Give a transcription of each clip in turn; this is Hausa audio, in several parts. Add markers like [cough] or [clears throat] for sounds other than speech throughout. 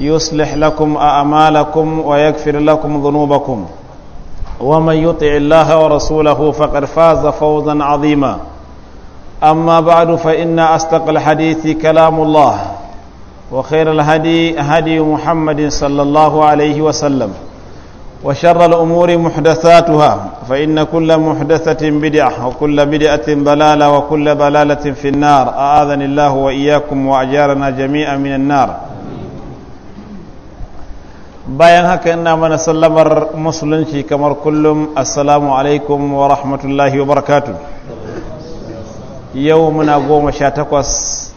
يصلح لكم أعمالكم ويغفر لكم ذنوبكم ومن يطع الله ورسوله فقد فاز فوزا عظيما أما بعد فإن أصدق الحديث كلام الله وخير الهدي هدي محمد صلى الله عليه وسلم وشر الأمور محدثاتها فإن كل محدثة بدعة وكل بدعة ضلالة وكل ضلالة في النار أعاذني الله وإياكم وأجارنا جميعا من النار bayan haka ina mana sallamar musulunci kamar kullum assalamu alaikum wa rahmatullahi wa barakatu yau muna goma sha takwas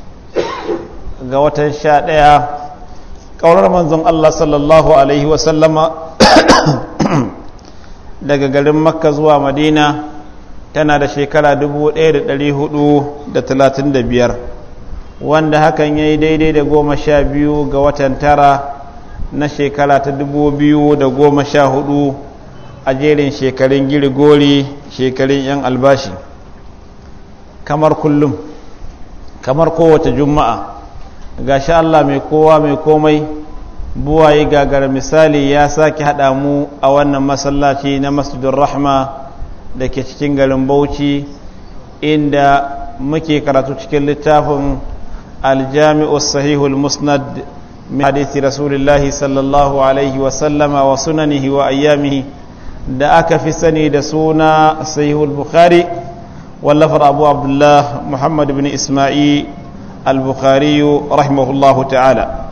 ga watan sha ɗaya ƙaunar manzon Allah sallallahu alaihi wasallama [clears throat] daga garin makka zuwa madina tana da shekara dubu ɗaya da da da ɗari biyar, wanda hakan ya yi daidai da goma sha biyu ga watan tara na shekara ta dubu biyu da goma sha hudu a jerin shekarun girigori shekarun 'yan albashi kamar kullum kamar kowace juma'a ga sha Allah mai kowa mai komai buwaye gagara misali ya sake haɗa mu a wannan masallaci na masjidin rahma da ke cikin garin bauchi inda muke karatu cikin littafin aljami'ar sahihul musnad من حديث رسول الله صلى الله عليه وسلم وسننه وأيامه da aka fi sani da suna sahihul bukhari wallafar abu abdullah muhammad bin isma'il al-bukhari rahimahullahu ta'ala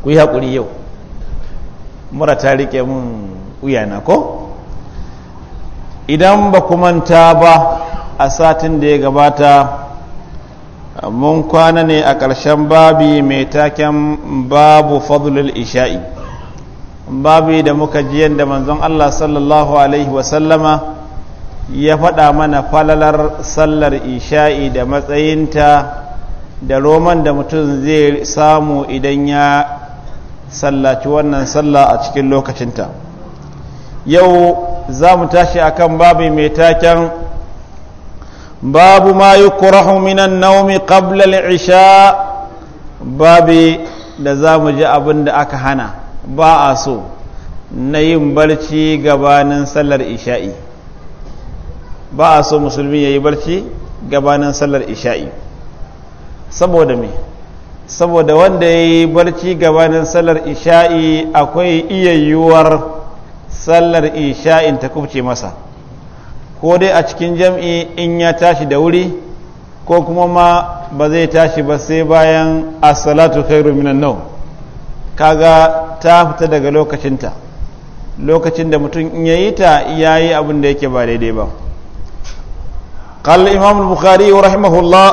ku yi haƙuri yau mura ta rike mun uyana ko idan ba ku manta ba a satin da ya gabata mun kwana ne a ƙarshen babi mai taken babu fadlul isha'i babi da muka ji yadda manzon Allah sallallahu alaihi wasallama ya faɗa mana falalar sallar isha'i da matsayinta da roman da mutum zai samu idan ya sallaci wannan sallah a cikin lokacinta yau za mu tashi akan babi mai taken باب ما يكره من النوم قبل العشاء babi da za mu ji abin da aka hana ba a so na yin barci musulmi ya yi barci gabanin sallar isha'i saboda wanda ya yi barci gabanin sallar isha'i akwai iya sallar isha'in ta kubce masa ko dai a cikin jam'i in ya tashi da wuri ko kuma ma ba zai tashi ba sai bayan asalatu salatu khairu minan kaga ta fita daga lokacinta lokacin da mutum in yayi ta ya yi abin da yake ba daidai ba قال الإمام البخاري رحمه الله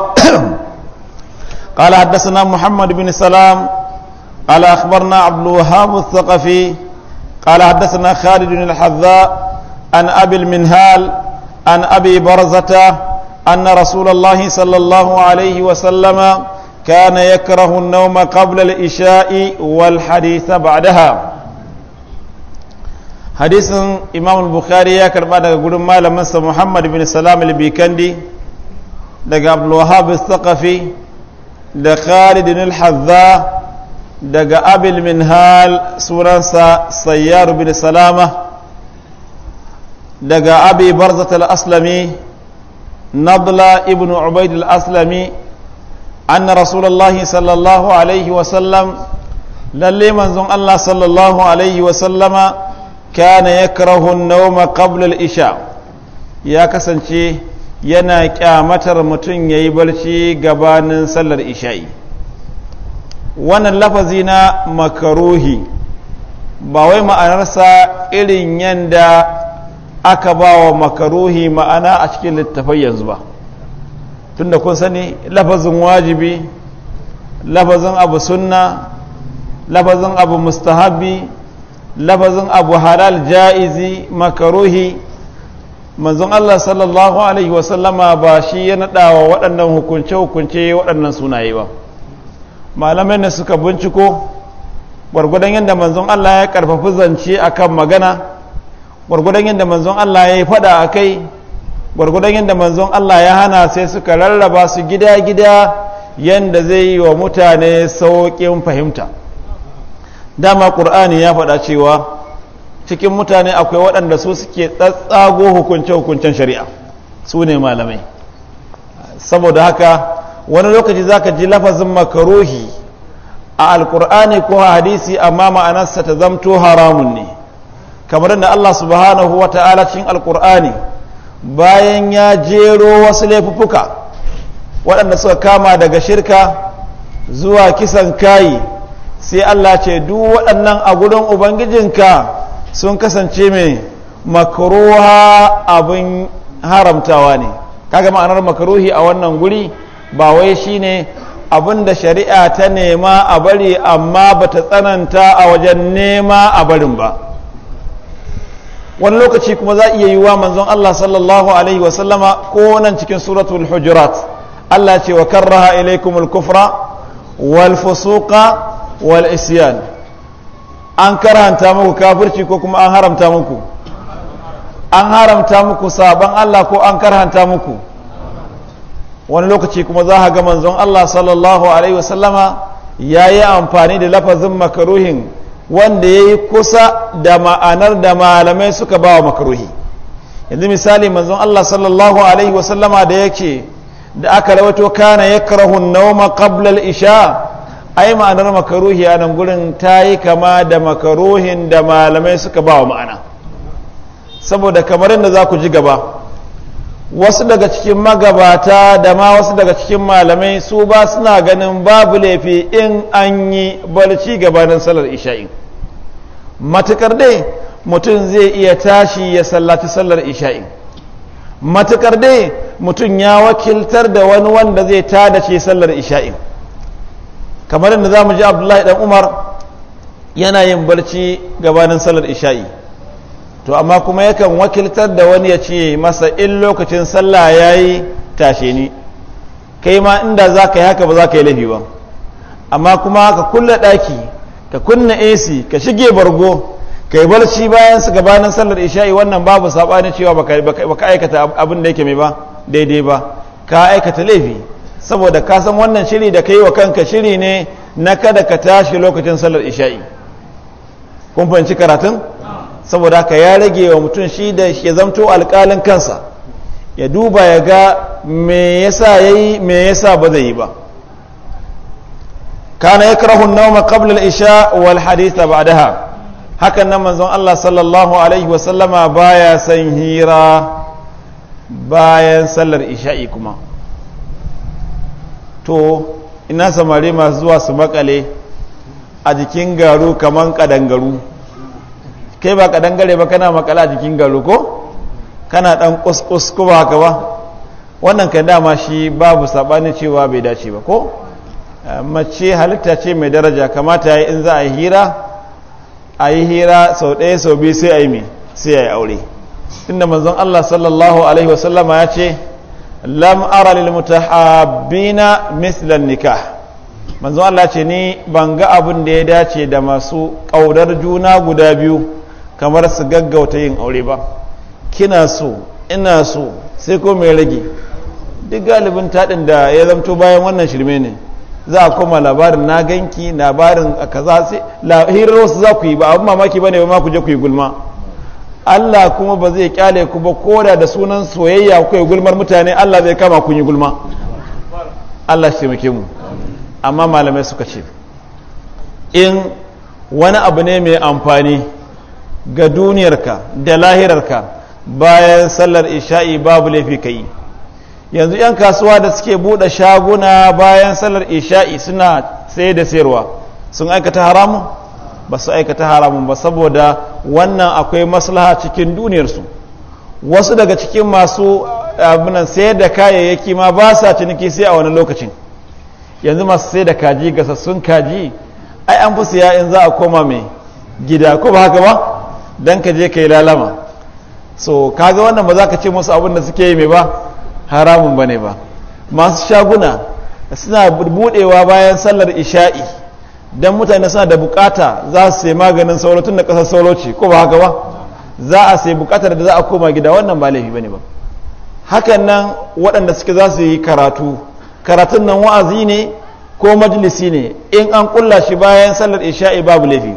قال حدثنا محمد بن سلام قال أخبرنا عبد الوهاب الثقفي قال حدثنا خالد الحذاء عن أبي المنهال عن أبي برزة أن رسول الله صلى الله عليه وسلم كان يكره النوم قبل الإشاء والحديث بعدها حديث إمام البخاري يكر بعد قول ما لمس محمد بن سلام البيكندي دقى عبد الوهاب الثقفي da Khalid bin Hazza daga Abil Minhal sunansa Sayyar bin Salama daga abi barzata al-aslami nadla ibn ubaid al-aslami anna rasulullahi sallallahu alaihi wasallam lalle manzon Allah sallallahu alaihi wasallama kana yakrahu an-nawma qabla al-isha ya kasance yana kyamatar mutum yayi barci gabanin sallar isha'i wannan lafazi na makaruhi ba wai ma'anarsa irin yanda aka ba wa makaruhi ma'ana a cikin littafai yanzu ba tunda kun sani lafazin wajibi lafazin abu sunna lafazin abu mustahabi lafazin abu halal ja'izi makaruhi manzon Allah sallallahu alaihi wasallama ba shi ya naɗa wa waɗannan hukunce-hukunce waɗannan sunaye ba malamai ne suka binciko gwargwadon yadda manzon Allah ya karfafi zance akan magana gwargwadon yadda manzon Allah ya yi fada a kai gwargwadon yadda manzon Allah ya hana sai suka rarraba su gida-gida yadda zai yi wa mutane sauƙin fahimta dama ƙur'ani ya fada cewa cikin mutane akwai waɗanda su suke tsatsago hukunce-hukuncen shari'a su ne malamai saboda haka wani lokaci za ka ji lafazin makaruhi a alƙur'ani ko hadisi amma ma'anarsa ta zamto haramun ne kamar da Allah subhanahu wa ta'ala cikin alkur'ani bayan ya jero wasu laifuka waɗanda suka kama daga shirka zuwa kisan kayi sai Allah ce du waɗannan a gudun ubangijinka sun kasance mai makaruwa abin haramtawa ne kaga ma'anar makaruhi a wannan guri ba wai shine abin da shari'a ta nema a bari amma bata tsananta a wajen nema a barin ba wani lokaci kuma za iya wa manzon Allah sallallahu alaihi wasallama ko nan cikin suratul hujurat Allah ce wa karraha ilaikumul kufra wal fusuqa wal isyan an karanta muku kafirci ko kuma an haramta muku an haramta muku sabon Allah ko an karhanta muku wani lokaci kuma za a ga manzon Allah sallallahu alaihi wasallama ya yi amfani da lafazin makaruhin wanda ya yi kusa da ma'anar da malamai suka ba wa makaruhi yanzu misali manzon Allah sallallahu alaihi wasallama da yake da aka rawato kana ya karahun nauma qablal isha ai ma'anar makaruhi a nan gurin ta yi kama da makaruhin da malamai suka ba wa ma'ana saboda kamar yadda za ku ji gaba wasu daga cikin magabata da ma wasu daga cikin malamai su ba suna ganin babu laifi in an yi barci gabanin salar isha'in matukar dai mutum zai iya tashi ya sallaci sallar isha'i matukar dai mutum ya wakiltar da wani wanda zai da ce sallar isha'i kamar yadda za mu ji abdullahi dan umar yana yin barci gabanin sallar isha'i to amma kuma yakan wakiltar da wani ya ce masa in lokacin sallah ya yi tashe ni kai ma inda za ka yi haka ba za ka yi laifi ba amma kuma ka kulle ɗaki ka kunna AC ka shige bargo ka yi barci bayan su gabanin sallar isha'i wannan babu saɓani cewa baka aikata abin da yake mai ba daidai ba ka aikata laifi saboda ka san wannan shiri da ka yi wa kanka shiri ne na kada ka tashi lokacin sallar isha'i kun fahimci karatun saboda haka ya rage wa mutum shi da ya zamto alƙalin kansa ya duba ya ga me yasa yayi me yasa ba zai yi ba kana yakrahu an-nawma qabla al-isha wal hadith ba'daha hakan nan manzon Allah sallallahu alaihi wa sallama baya san hira bayan sallar isha'i kuma to ina samari masu zuwa su makale a jikin garu kamar kadangaru kai ba kadangare ba kana makala a jikin garu ko kana dan kuskus ko ba haka ba wannan kan dama shi babu sabani cewa bai dace ba ko mace halitta ce mai daraja kamata ya in za a hira a yi hira sau ɗaya sau biyu sai a yi mai sai a yi aure inda manzon Allah sallallahu alaihi wasallama ya ce lam ara lil mislan nikah manzon Allah ce ni ban ga abin da ya dace da masu ƙaudar juna guda biyu kamar su gaggauta yin aure ba kina so ina so sai ko mai rage duk galibin taɗin da ya zamto bayan wannan shirme ne za a koma labarin na ganki labarin a kaza sai hirar wasu za ku yi ba abin mamaki ba ne ba ma ku je ku yi gulma Allah kuma ba zai kyale ku ba koda da sunan soyayya ku yi gulmar mutane Allah zai kama ku yi gulma Allah shi muke mu amma malamai suka ce in wani abu ne mai amfani ga duniyarka da lahirarka bayan sallar isha'i babu laifi ka yi yanzu 'yan kasuwa da suke buɗe shaguna bayan salar isha'i suna sai da sayarwa sun aikata haramun ba su aikata haramun ba saboda wannan akwai maslaha cikin duniyarsu wasu daga cikin masu eh, abinan sayar da kayayyaki ma ba sa ciniki sai a wani lokacin yanzu masu sai da kaji gasassun kaji ai an fi siya in za a koma mai gida ko ba haka ba don ka je ka yi lalama so kaga wannan ba za ka ce musu abin da suke yi mai ba haramun bane ba masu shaguna suna budewa bayan sallar isha'i don mutane suna da bukata za su sai maganin sauro tun da kasar sauro ce ko ba haka ba za a sai bukatar da za a koma gida wannan ba laifi bane ba hakan nan waɗanda suke za su yi karatu karatun nan wa'azi ne ko majalisi ne in an kulla shi bayan sallar isha'i babu laifi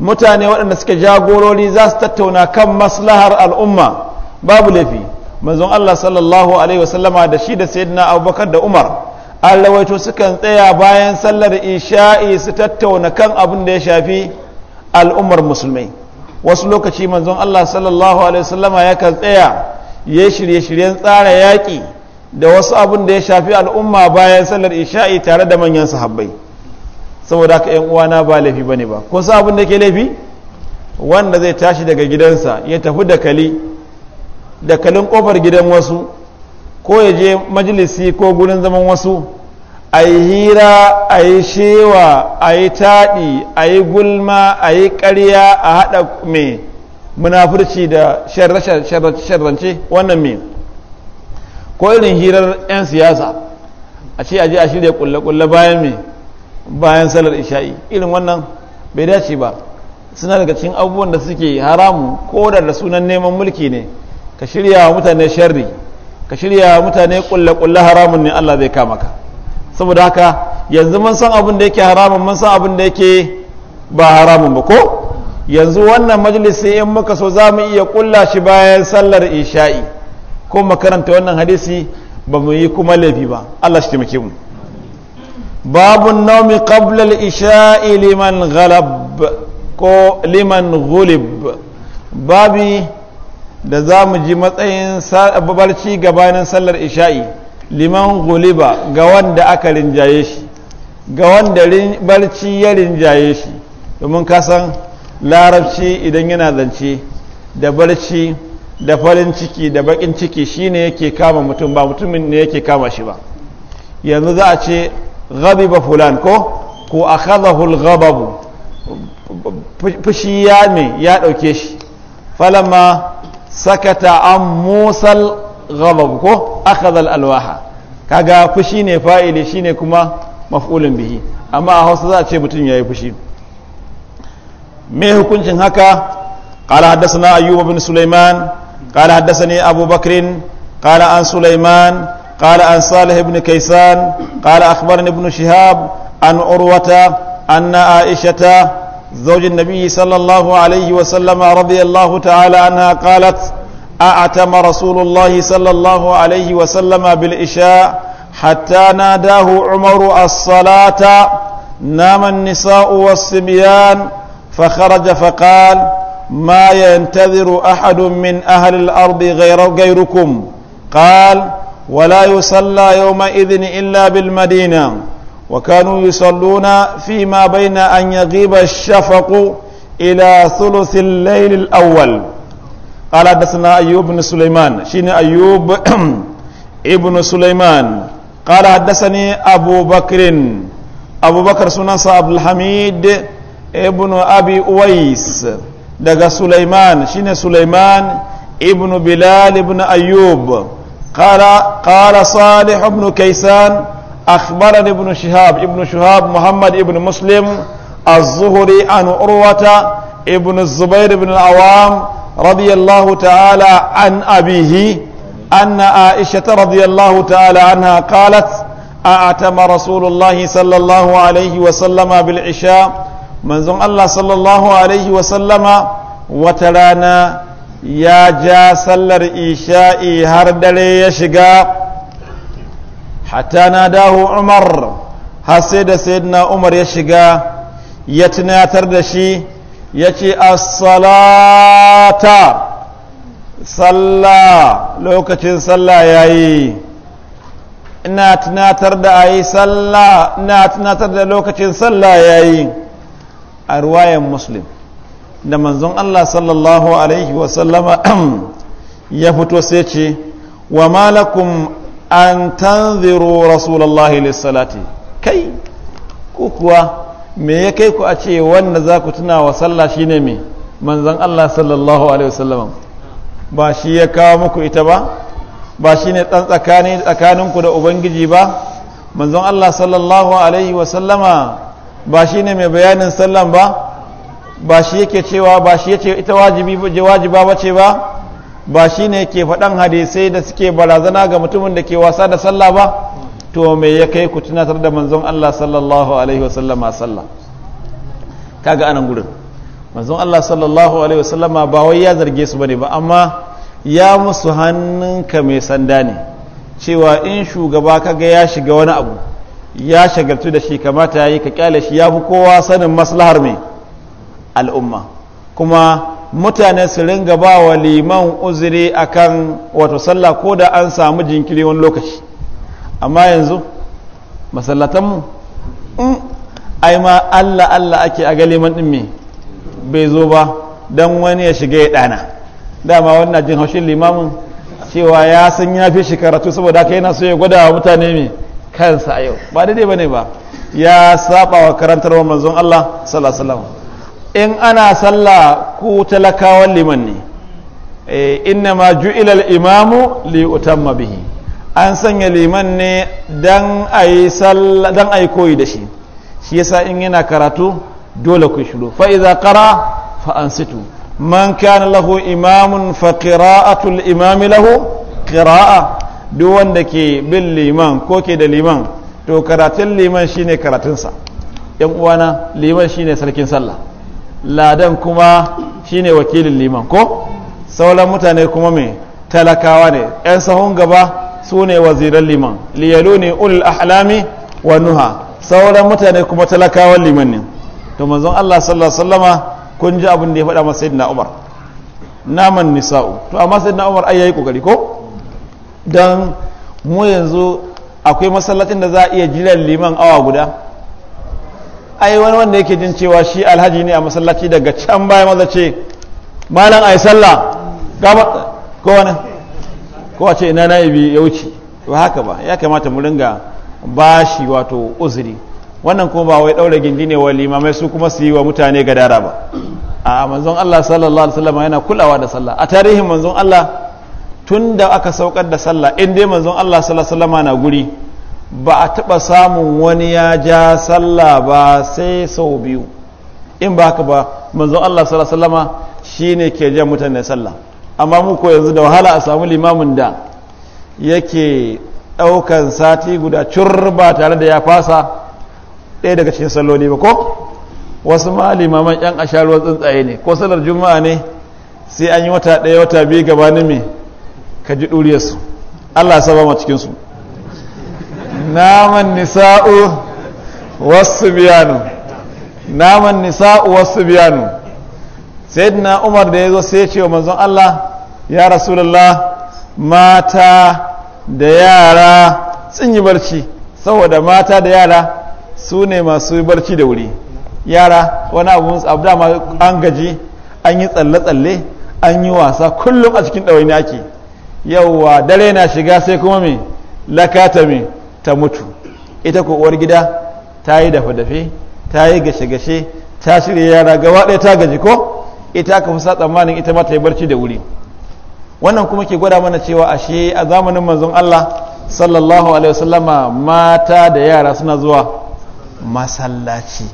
mutane waɗanda suke jagorori za su tattauna kan maslahar al'umma babu laifi manzon Allah sallallahu alaihi wasallama da shi da sayyidina Abubakar da Umar an rawaito sukan tsaya bayan sallar isha'i su tattauna kan abin da ya shafi al'ummar musulmai wasu lokaci manzon Allah sallallahu alaihi wasallama kan tsaya ya shirye-shiryen tsara yaƙi da wasu abin da ya shafi al'umma bayan sallar isha'i tare da manyan sahabbai saboda haka yan uwana ba laifi bane ba kun san abin da ke laifi wanda zai tashi daga gidansa ya tafi da kali da kalin kofar gidan wasu ko ya je majalisi ko gurin zaman wasu a yi hira a yi shewa a yi taɗi a yi gulma a yi ƙarya a haɗa mai munafurci da sharrance wannan mai ko irin hirar 'yan siyasa a ce aji a shirya kulle-kulle bayan mai bayan salar isha'i irin wannan bai dace ba suna daga cikin abubuwan da suke haramu ko da sunan neman mulki ne ka shirya wa mutane sharri ka shirya wa mutane kulle kulle haramun ne Allah zai kama ka saboda haka yanzu mun san abin da yake haramun mun san abin da yake ba haramun ba ko yanzu wannan majalisi in muka so za mu iya kulla shi bayan sallar isha'i ko makaranta wannan hadisi ba mu yi kuma laifi ba Allah shi taimake mu babu naumi qabla ishai liman ghalab ko liman ghulib babi da za mu ji matsayin barci gabanin sallar isha'i liman guliba ga wanda aka rinjaye shi ga wanda barci ya rinjaye shi domin kasan larabci idan yana zance da barci da farin ciki da bakin ciki shine yake kama mutum ba mutumin ne yake kama shi ba yanzu za a ce ba fulan ko ko akhadahu al-ghababu fushi ya me ya dauke shi falamma sakata an musal ghadab ko akhadha alwaha kaga fushi ne fa'ili shine kuma mafulin bihi amma a Hausa za a ce mutum yayi fushi me hukuncin haka haddasa na أيوب بن سليمان قال حدثني أبو بكر قال عن سليمان قال عن صالح بن كيسان قال أخبرني ابن شهاب An عروة أن عائشة زوج النبي صلى الله عليه وسلم رضي الله تعالى عنها قالت أعتم رسول الله صلى الله عليه وسلم بالإشاء حتى ناداه عمر الصلاة نام النساء والصبيان فخرج فقال ما ينتظر أحد من أهل الأرض غير غيركم قال ولا يصلى يومئذ إلا بالمدينة وكانوا يصلون فيما بين أن يغيب الشفق إلى ثلث الليل الأول قال حدثنا أيوب بن سليمان شين أيوب [clears throat] ابن سليمان قال حدثني أبو بكر أبو بكر سنان عبد الحميد ابن أبي أويس دقى سليمان شين سليمان ابن بلال ابن أيوب قال قال صالح بن كيسان أخبرني ابن شهاب ابن شهاب محمد ابن مسلم الزهري عن عروة ابن الزبير بن العوام رضي الله تعالى عن أبيه أن عائشة رضي الله تعالى عنها قالت أعتم رسول الله صلى الله عليه وسلم بالعشاء من زم الله صلى الله عليه وسلم وترانا يا جا سلر إيشائي هردلي يشقى hatta na dahu umar har sai da sayyidina umar ya shiga ya tunatar da shi ya ce as-salata sallah lokacin sallah ya yi ina tunatar da a yi sallah ina tunatar da lokacin sallah ya yi a ruwayan muslim da manzon Allah sallallahu alaihi wasallama [clears throat] ya fito sai ce wa malakum an tanziru rasulullahi salati kai ku kuwa me ya kai ku a ce wanda za ku tuna wa sallah shine me manzan Allah sallallahu alaihi wasallam ba shi ya kawo muku ita ba ba shi ne ɗan tsakaninku da ubangiji ba manzan Allah sallallahu alaihi wasallama ba shi ne mai bayanin sallan ba ba shi yake cewa ba shi ya ce ita wajibi ba ce ba ba shi ne ke faɗan hadisai da suke barazana ga mutumin da ke wasa da sallah ba to me ya kai ku tunatar da manzon Allah sallallahu alaihi wasallama sallah kaga anan gurin manzon Allah sallallahu alaihi wasallama ba wai ya zarge su bane ba amma ya musu hannunka mai sanda ne cewa in shugaba kaga ya shiga wani abu ya shagaltu da shi kamata yayi ka kyale shi ya fi kowa sanin maslahar mai al'umma kuma mutane su ringa ba wa liman uzuri akan wato sallah ko da an samu jinkiri wani lokaci amma yanzu masallatanmu ai ma Allah Allah ake a ga liman din me bai zo ba don wani ya shiga ya dana dama wannan jin haushin limamin cewa ya san ya fi shi karatu saboda haka yana so ya gwada wa mutane mai kansa a yau ba daidai ba ne ba ya saba wa karantarwa manzon Allah sallallahu alaihi in ana sallah ku talakawan liman ne eh, inna ma ju'ila al-imamu li utamma bihi an sanya liman ne dan ayi sallah dan ayi koyi da shi shi yasa in yana karatu dole ku shiru fa idza qara fa ansitu man kana lahu imamun fa qira'atu imami lahu qira'a duk wanda ke bin liman ko ke da liman to karatun liman shine karatunsa yan uwana liman shine sarkin sallah ladan kuma shine wakilin liman ko sauran mutane kuma mai talakawa ne 'yan sahun gaba su ne waziran liman liyalu ne ulul ahlami wa nuha sauran mutane kuma talakawan liman ne to manzon Allah sallallahu alaihi wasallama kun ji abin da ya faɗa masa sayyidina Umar naman nisa'u to amma sayyidina Umar ai yayi kokari ko dan mu yanzu akwai masallacin da za a iya jiran liman awa guda ai wani wanda yake jin cewa shi alhaji ne a masallaci daga can baya maza ce malam ai sallah gaba ko wani ce ina na ibi ya wuce ba haka ba ya kamata mu ringa bashi wato uzuri wannan kuma ba wai daura gindi ne wa limamai su kuma su yi wa mutane gadara ba a manzon Allah sallallahu alaihi wasallam yana kulawa da sallah a tarihin manzon Allah tunda aka saukar da sallah in dai manzon Allah sallallahu alaihi wasallam na guri ba a taɓa samun wani ya ja sallah ba sai sau biyu in ba haka ba manzon Allah sallallahu alaihi wasallam shine ke jan mutane sallah amma mu ko yanzu da wahala a samu limamin da yake ɗaukan sati guda cur tare da ya fasa ɗaya daga cikin salloli ba ko wasu ma limaman yan asharuwar tsuntsaye ne ko sallar juma'a ne sai an yi wata ɗaya wata biyu gabanin me ka ji ɗuriyarsu Allah saba cikin su naman nisa'u wasu biyanu naman nisa'u wasu biyanu sayyidina umar da ya zo sai ce wa manzon Allah ya rasulullah mata da yara sun yi barci saboda mata da yara su ne masu barci da wuri yara wani abu abu dama an gaji an yi tsalle-tsalle an yi wasa kullum a cikin ɗawaini ake yauwa dare na shiga sai kuma mai lakata mai. ta mutu ita ko uwar gida ta yi dafe-dafe ta yi gashe-gashe ta shirya yara gaba ɗaya ta gaji ko ita aka fi sa tsammanin ita ma ta yi barci da wuri wannan kuma ke gwada mana cewa ashe a zamanin manzon Allah sallallahu alaihi wasallama mata da yara suna zuwa masallaci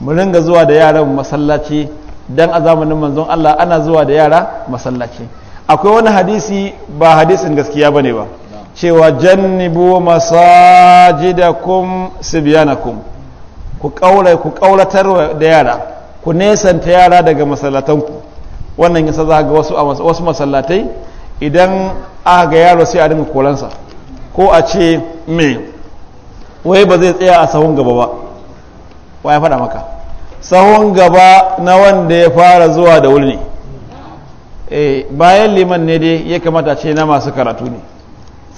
mu ringa zuwa da yaran masallaci dan a zamanin manzon Allah ana zuwa da yara masallaci akwai wani hadisi ba hadisin gaskiya bane ba cewa jannibu masajidakum sibyanakum ku kaura ku kauratar da yara ku nesanta yara daga masallatanku wannan yasa za ga wasu wasu masallatai idan aka ga yaro sai a dinga kolansa ko a ce me wai ba zai tsaya a sahun gaba ba wai ya faɗa maka sahun gaba na wanda ya fara zuwa da wuri ne eh, bayan liman ne dai ya kamata ce na masu karatu ne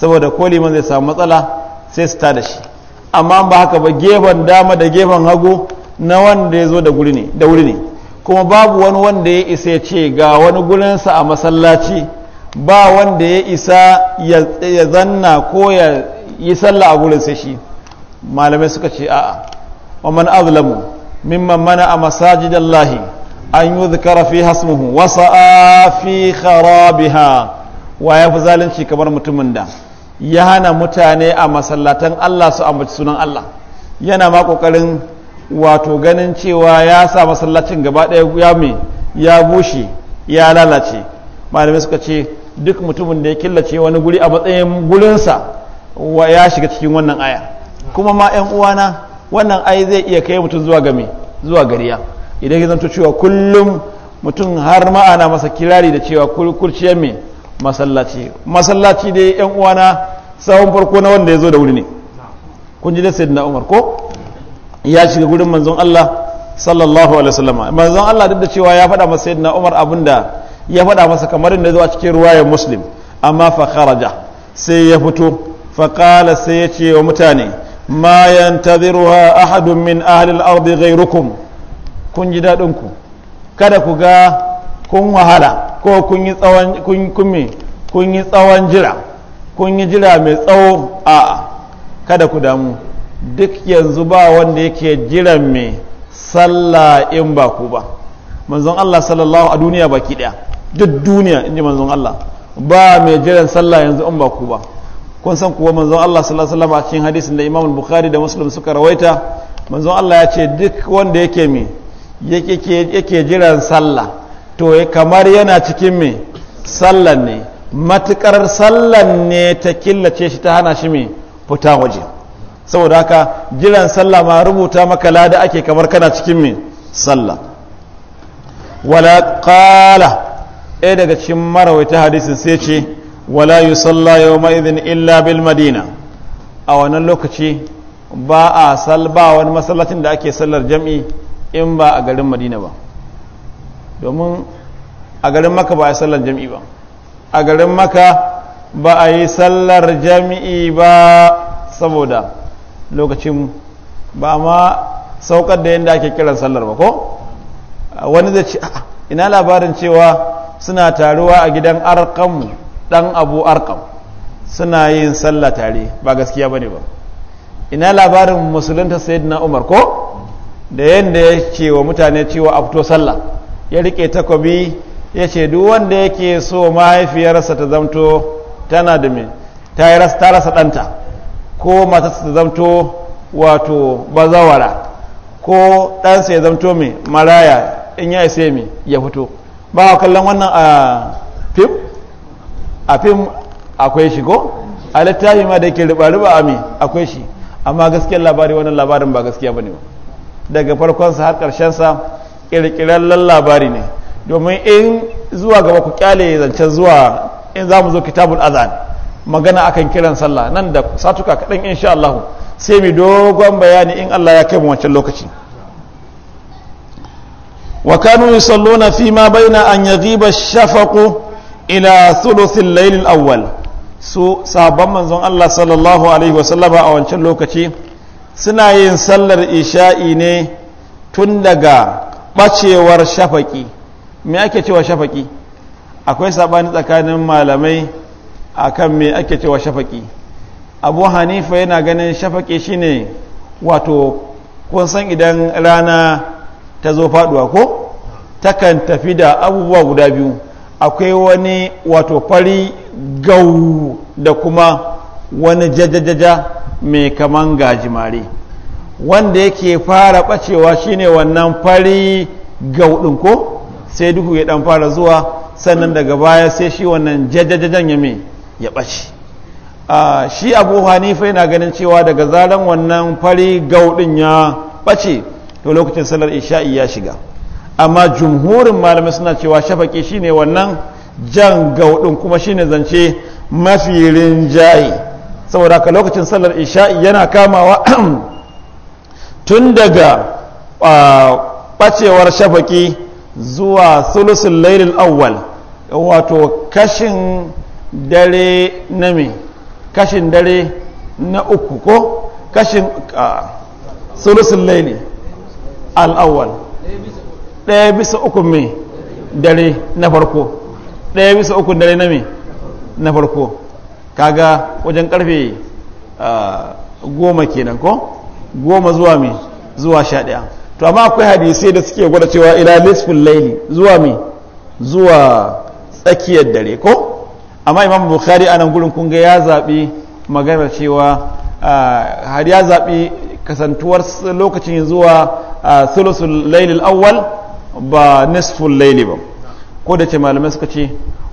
saboda ko liman zai samu matsala sai su ta da shi amma ba haka ba gefen dama da gefen hagu na wanda ya zo da wuri ne kuma babu wani wanda ya isa ya ce ga wani gurinsa a masallaci ba wanda ya isa ya zanna ko ya yi sallah a gurin sai shi malamai suka ce a'a wa man azlamu mimman mana a masajidallahi an yi zikara fi hasmuhu wasa fi kharabiha wa ya fi zalunci kamar mutumin da ya hana mutane a masallatan Allah su ambaci sunan Allah yana ma kokarin wato ganin cewa ya sa masallacin gaba ɗaya ya mai ya bushe ya lalace malamai suka ce duk mutumin da ya killace wani guri a matsayin gurinsa wa ya shiga cikin wannan aya kuma ma 'yan uwana wannan ai zai iya kai mutum zuwa game zuwa gariya idan ya zanto cewa kullum mutum har ma ana masa kirari da cewa kurciyar mai masallaci masallaci dai yan uwana farko na wanda ya zo da wuri ne kun ji da sayyidina umar ko ya shiga gurin manzon Allah sallallahu alaihi wasallam manzon Allah duk da cewa ya faɗa masa sayyidina umar abinda ya faɗa masa kamar inda zo a cikin ruwayar muslim amma fa kharaja sai ya fito fa qala sai ya ce wa mutane ma yantadhiruha ahadun min ahli al-ardi ghayrukum kun ji dadin ku kada ku ga kun wahala ko kun yi tsawon kun yi tsawon jira kun yi jira mai tsawo a kada ku damu duk yanzu ba wanda yake jiran mai sallah in ba ku ba manzon Allah sallallahu a duniya baki daya duk duniya inji manzon Allah ba mai jiran sallah yanzu in ba ku ba kun san kuwa manzon Allah sallallahu alaihi wasallam a cikin hadisin da Imam Bukhari da Muslim suka rawaita manzon Allah ya ce duk wanda yake mi yake jiran sallah to eh, kamar yana cikin mai sallan ne matukar sallan ne ta killace shi ta hana shi mai fita waje saboda haka jiran sallah ma rubuta maka lada ake kamar kana cikin mai sallah wala qala ɗaya daga cikin marawaita hadisin sai ce wala yusalla yawma idhin illa bil madina a wannan lokaci ba a sal wani masallacin da ake sallar jam'i in ba a garin madina ba domin a garin maka ba a yi sallar jami'i ba a garin maka ba a yi sallar jami'i ba saboda lokacin ba ma saukar da yadda ake kiran sallar ba ko wani zai ce ina labarin cewa suna taruwa a gidan arkam dan abu arkam suna yin sallah tare ba gaskiya bane ba ina labarin musulunta sayyidina umar ko da yadda ya ce wa mutane cewa a fito sallah ya rike takobi ya ce duk wanda yake so mahaifiyarsa ta zamto tana da mai ta rasa ɗanta ko matarsa ta zamto wato bazawara ko ɗansa ya zamto mai maraya in ya isa mai ya fito ba kallon wannan a fim a fim akwai shigo a littafi ma da ke riba-riba a mai akwai shi amma gaskiyar labari wannan labarin ba gaskiya ba ne daga farkonsa har ƙarshensa kirkirallen labari ne domin in zuwa gaba ku kyale zancen zuwa in za mu zo kitabul azan magana akan kiran sallah nan da satuka kaɗan insha Allah sai mai dogon bayani in Allah ya kai mu wancan lokaci wa kanu yusalluna fi ma baina an yaghiba shafaqu ila thuluth al awwal su sabon manzon Allah sallallahu alaihi wasallama a wancan lokaci suna yin sallar isha'i ne tun daga ɓacewar shafaƙi me ake cewa shafaƙi akwai sabani tsakanin malamai akan me ake cewa shafaƙi abu hanifa yana ganin shafaƙi shine wato kun san idan rana ta zo faduwa ko takan tafi da abubuwa guda biyu akwai wani wato fari gau da kuma wani jajajaja mai kaman gajimare wanda yake fara bacewa shine wannan fari gauɗin ko sai duhu ya dan fara zuwa sannan daga baya sai shi wannan jajajajen ya me ya bace shi abu hanifa yana ganin cewa daga zaran wannan fari gauɗin ya ɓace to lokacin sallar isha'i ya shiga amma jumhurin malamai suna cewa shafaki shine wannan jan gaudin kuma shine zance mafi rinjaye saboda ka lokacin sallar isha'i yana kamawa [clears throat] tun daga ɓacewar shafaki zuwa sulusun lailin awwal wato kashin dare na me kashin dare na uku ko kashin sulusun laili al'awwal ɗaya bisa uku me dare na farko ɗaya bisa uku dare na me na farko kaga wajen karfe goma kenan ko goma zuwa mai zuwa sha ɗaya to amma akwai hadisai da suke gwada cewa ila nisfin laili zuwa mai zuwa tsakiyar dare ko amma imam bukhari anan gurin kun ga ya zaɓi maganar cewa har ya zaɓi kasantuwar lokacin zuwa sulusul lailil awwal ba nisful laili ba ko da ce malamai suka ce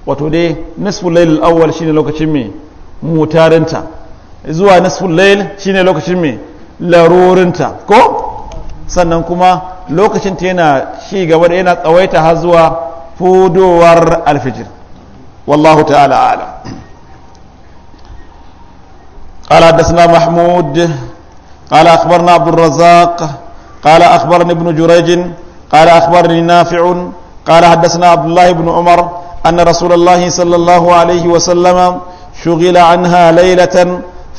wato dai nisful lailil awwal shine lokacin mai mutarinta zuwa nisful lail shine lokacin mai larurinta ko sannan kuma lokacin ta yana shi gaba da yana tsawaita har zuwa fudowar alfijir wallahu ta'ala قال حدثنا محمود قال أخبرنا عبد الرزاق قال أخبرني ابن جريج قال أخبرني نافع قال حدثنا عبد الله بن عمر أن رسول الله صلى الله عليه وسلم شغل عنها ليلة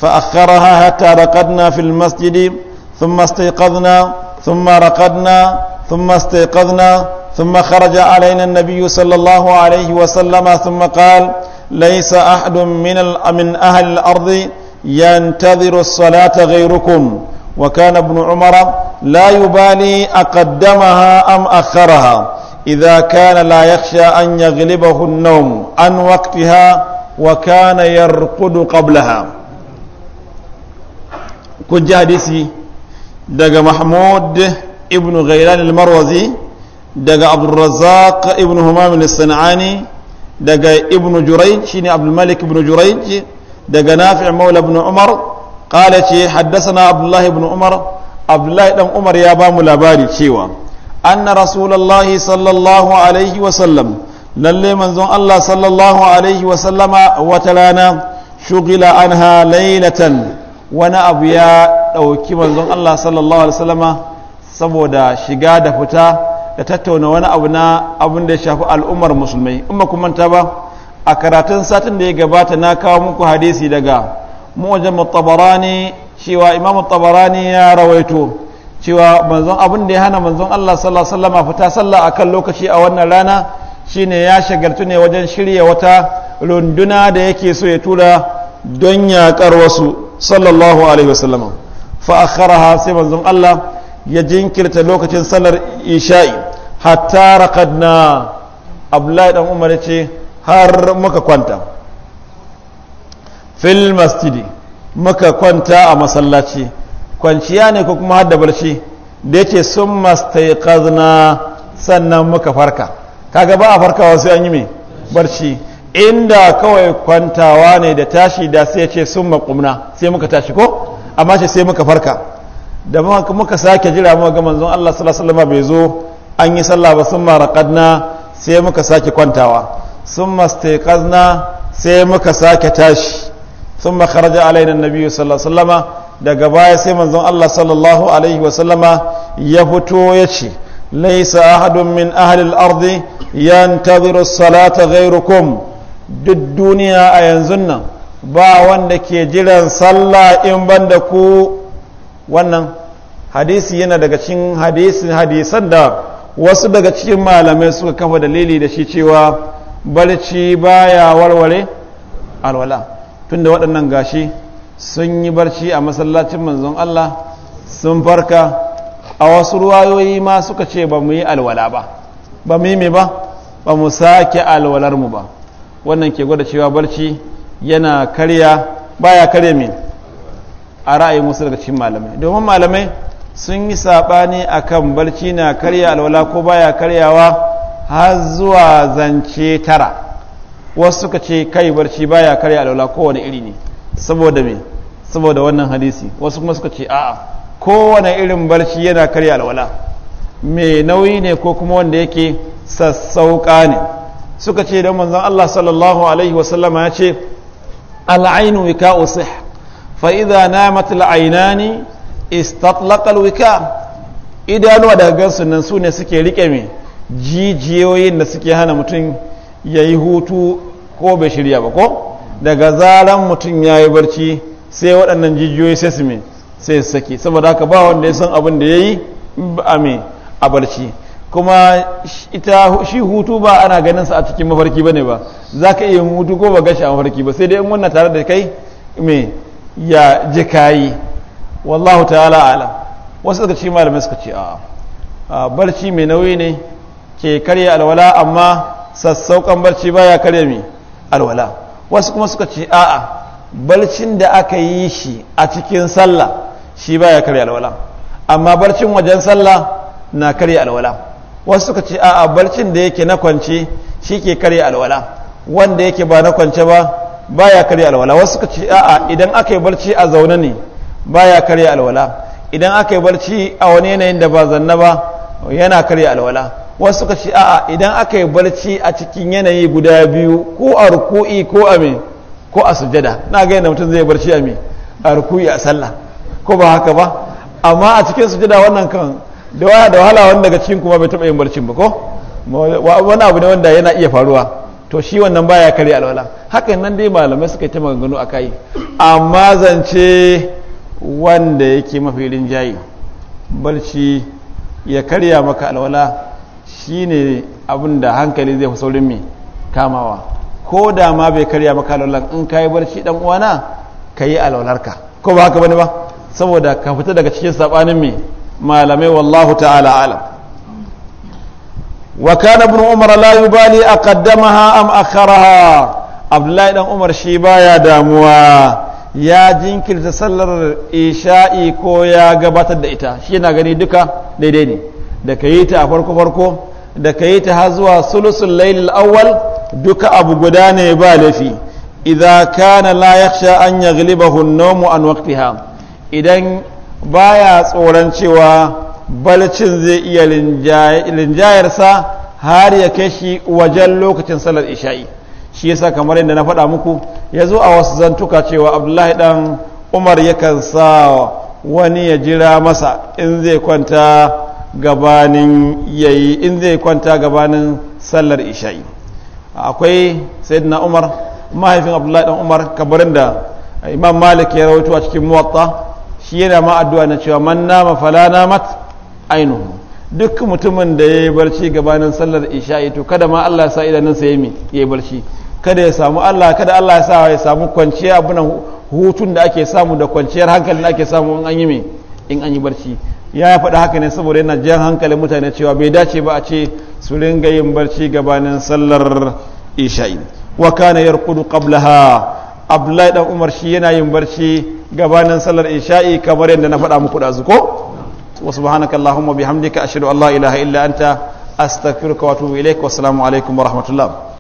فأخرها حتى رقدنا في المسجد ثم استيقظنا ثم رقدنا ثم استيقظنا ثم خرج علينا النبي صلى الله عليه وسلم ثم قال ليس أحد من من أهل الأرض ينتظر الصلاة غيركم وكان ابن عمر لا يبالي أقدمها أم أخرها إذا كان لا يخشى أن يغلبه النوم عن وقتها وكان يرقد قبلها hujja hadisi daga mahmud ibn ghailan al-marwazi daga abdurrazzaq ibn humam al-sanani daga ibn jurayj shine abdul malik ibn jurayj daga nafi' maula ibn umar qala haddasa haddathana abdullah ibn umar abdullah dan umar ya ba mu labari cewa anna rasulullahi sallallahu alaihi wa sallam lalle manzon Allah sallallahu alaihi wa sallama wata rana shugila anha laylatan wani abu ya ɗauki manzon Allah sallallahu alaihi wasallama saboda shiga da fita da tattauna wani abu na abin da ya shafi al'ummar musulmai in ba manta ba a karatun satin da ya gabata na kawo muku hadisi daga mu'jam tabarani cewa imam tabarani ya rawaito cewa manzon abin da ya hana manzon Allah sallallahu alaihi wasallama fita sallah akan lokaci a wannan rana shine ya shagartu ne wajen shirya wata runduna da yake so ya tura don yaƙar wasu sallallahu alaihi wasallam fa akharaha sai manzon Allah ya jinkirta lokacin sallar isha'i hatta raqadna abdullahi dan umar ce har muka kwanta fil masjid muka kwanta a masallaci kwanciya ne ko kuma hadda barci da yace sun mastaiqazna sannan muka farka kaga ba a farkawa sai an yi me barci inda kawai kwantawa ne da tashi da sai ya ce sun maƙumna sai muka tashi ko amma ce sai muka farka da muka sake jira muka ga manzon Allah sallallahu alaihi bai zo an yi sallah ba sun maraqadna sai muka sake kwantawa sun mastaqazna sai muka sake tashi sun makaraja alaina nabiyyu sallallahu alaihi daga baya sai manzon Allah sallallahu alaihi wasallama ya fito ya ce laisa ahadun min ahli al-ardi yantaziru as-salata ghayrukum duk duniya a yanzu nan ba wanda ke jiran sallah in ban da ku wannan hadisi yana daga cikin hadisin hadisan da wasu daga cikin malamai suka kafa dalili da shi cewa barci baya warware alwala tunda waɗannan gashi sun yi barci a masallacin manzon Allah sun farka a wasu ruwayoyi ma suka ce ba mu yi alwala ba ba mu yi mai ba ba mu sake alwalar mu ba wannan ke gwada cewa barci yana karya baya karya min a ra'ayin wasu daga cikin malamai domin malamai sun yi saɓani kan barci na karya alwala ko baya karyawa har zuwa zance tara wasu suka ce kai barci baya karya alwala kowane iri ne saboda me saboda wannan hadisi wasu kuma suka ce a'a kowane irin barci yana karya alwala mai nauyi ne ko kuma wanda yake sassauka ne suka ce don manzon Allah sallallahu alaihi wasallama ya ce al'ainu wika sih fa idza namat al'ainani istatlaqa wika idanuwa daga gansu nan su ne suke rike me jijiyoyin da suke hana mutum yayi hutu ko bai shirya ba ko daga zaran mutum yayi barci sai waɗannan jijiyoyi sai su me sai su saki saboda haka ba wanda ya san abin da yayi a me a barci kuma ita shi hutu ba ana ganin sa a cikin mafarki bane ba za ka iya hutu ko ba gashi a mafarki ba sai dai in wannan tare da kai me ya je kayi wallahu ta'ala ala wasu daga cikin malamai suka ce a barci mai nauyi ne ke karya alwala amma sassaukan barci baya karya mai alwala wasu kuma suka ce a'a barcin da aka yi shi a cikin sallah shi baya karya alwala amma barcin wajen sallah na karya alwala wasu suka ce a'a barcin da yake na kwance shi ke karya alwala wanda yake ba na kwance ba baya karya alwala wasu suka ce a'a idan aka yi barci a zaune ne baya karya alwala idan aka yi barci a wani yanayin da ba zanna ba yana karya alwala wasu suka ce a'a idan aka yi barci a cikin yanayi guda biyu ko a ruku'i ko a me ko a sujada na ga yadda mutum zai barci a me a ruku'i a sallah ko ba haka ba amma a cikin sujada wannan kan da waya da wahala wanda daga cikin kuma bai taɓa yin barcin ba ko wani abu ne wanda yana iya faruwa to shi wannan baya kare alwala hakan nan dai malamai suka yi ta maganganu a kai amma zance wanda yake mafi rinjaye barci ya karya maka alwala shine abin da hankali zai fi saurin mai kamawa ko da ma bai karya maka alwala in ka yi barci dan uwana ka yi alwalarka ko ba haka bane ba saboda ka fita daga cikin sabanin mai malamai wallahu ta'ala alam wa kana ibn umar la yubali aqaddamaha am akharaha abdullahi dan umar shi baya damuwa ya jinkirta sallar isha'i ko ya gabatar da ita shi yana gani duka daidai ne da ka ta a farko farko da ka ta har zuwa sulusul lailil awwal duka abu guda ne ba laifi idza kana la yakhsha an yaghlibahu an-nawm an waqtiha idan baya tsoron cewa balcin zai iya linjayarsa har ya kai shi wajen lokacin salar isha'i shi yasa kamar yadda na faɗa muku ya zo a wasu zantuka cewa abdullahi ɗan umar yakan sa wani ya jira masa in zai kwanta gabanin yayi in zai kwanta gabanin sallar isha'i akwai sayyidina umar mahaifin abdullahi dan umar kabarin da imam malik ya rawaito a cikin muwatta shi yana ma addu'a na cewa man nama fala namat ainihu duk mutumin da ya yi barci gabanin sallar isha'i to kada ma Allah sa idanunsa ya yi barci kada ya samu Allah kada Allah ya sa ya samu kwanciya abunan hutun da ake samu da kwanciyar hankalin ake samu in an yi me in an yi barci ya faɗi haka ne saboda yana jan hankalin mutane cewa bai dace ba a ce su ringa yin barci gabanin sallar isha'i wa kana yarqudu qablaha abdullahi dan umar shi yana yin barci gabanin sallar isha'i kamar yadda na faɗa muku ɗazu ko wa subhanaka allahumma bihamdika ashhadu an la ilaha illa anta astaghfiruka wa atubu ilaik wa assalamu alaikum wa rahmatullah